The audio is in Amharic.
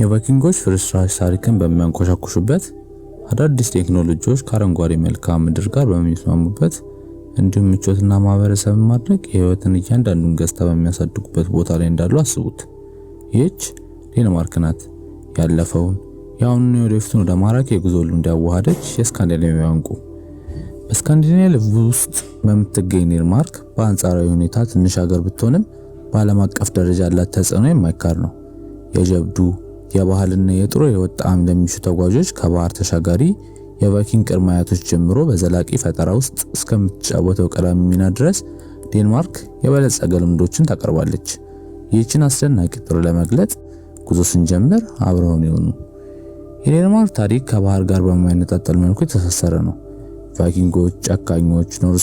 የቫይኪንጎች ፍርስራሽ ታሪክን በሚያንቆሻኩሹበት፣ አዳዲስ ቴክኖሎጂዎች ከአረንጓዴ መልክዓ ምድር ጋር በሚስማሙበት፣ እንዲሁም ምቾትና ማህበረሰብን ማድረግ የህይወትን እያንዳንዱን ገጽታ በሚያሳድጉበት ቦታ ላይ እንዳሉ አስቡት። ይህች ዴንማርክ ናት። ያለፈውን የአሁኑን የወደፊቱን ወደ ማራኪ የጉዞ ሁሉ እንዲያዋሃደች የስካንዲኔቪያ ዕንቁ። በስካንዲኔቪያ ውስጥ በምትገኝ ዴንማርክ በአንጻራዊ ሁኔታ ትንሽ ሀገር ብትሆንም በዓለም አቀፍ ደረጃ ያላት ተጽዕኖ የማይካር ነው። የጀብዱ የባህልና የጥሩ ሕይወት ጣዕም ለሚሹ ተጓዦች ከባህር ተሻጋሪ የቫይኪንግ ቅድመ አያቶች ጀምሮ በዘላቂ ፈጠራ ውስጥ እስከምትጫወተው ቀዳሚ ሚና ድረስ ዴንማርክ የበለጸገ ልምዶችን ታቀርባለች። ይህችን አስደናቂ ጥሩ ለመግለጽ ጉዞ ስንጀምር አብረውን ይሆኑ። የዴንማርክ ታሪክ ከባህር ጋር በማይነጣጠል መልኩ የተሳሰረ ነው። ቫይኪንጎች፣ ጨካኞች፣ ኖርስ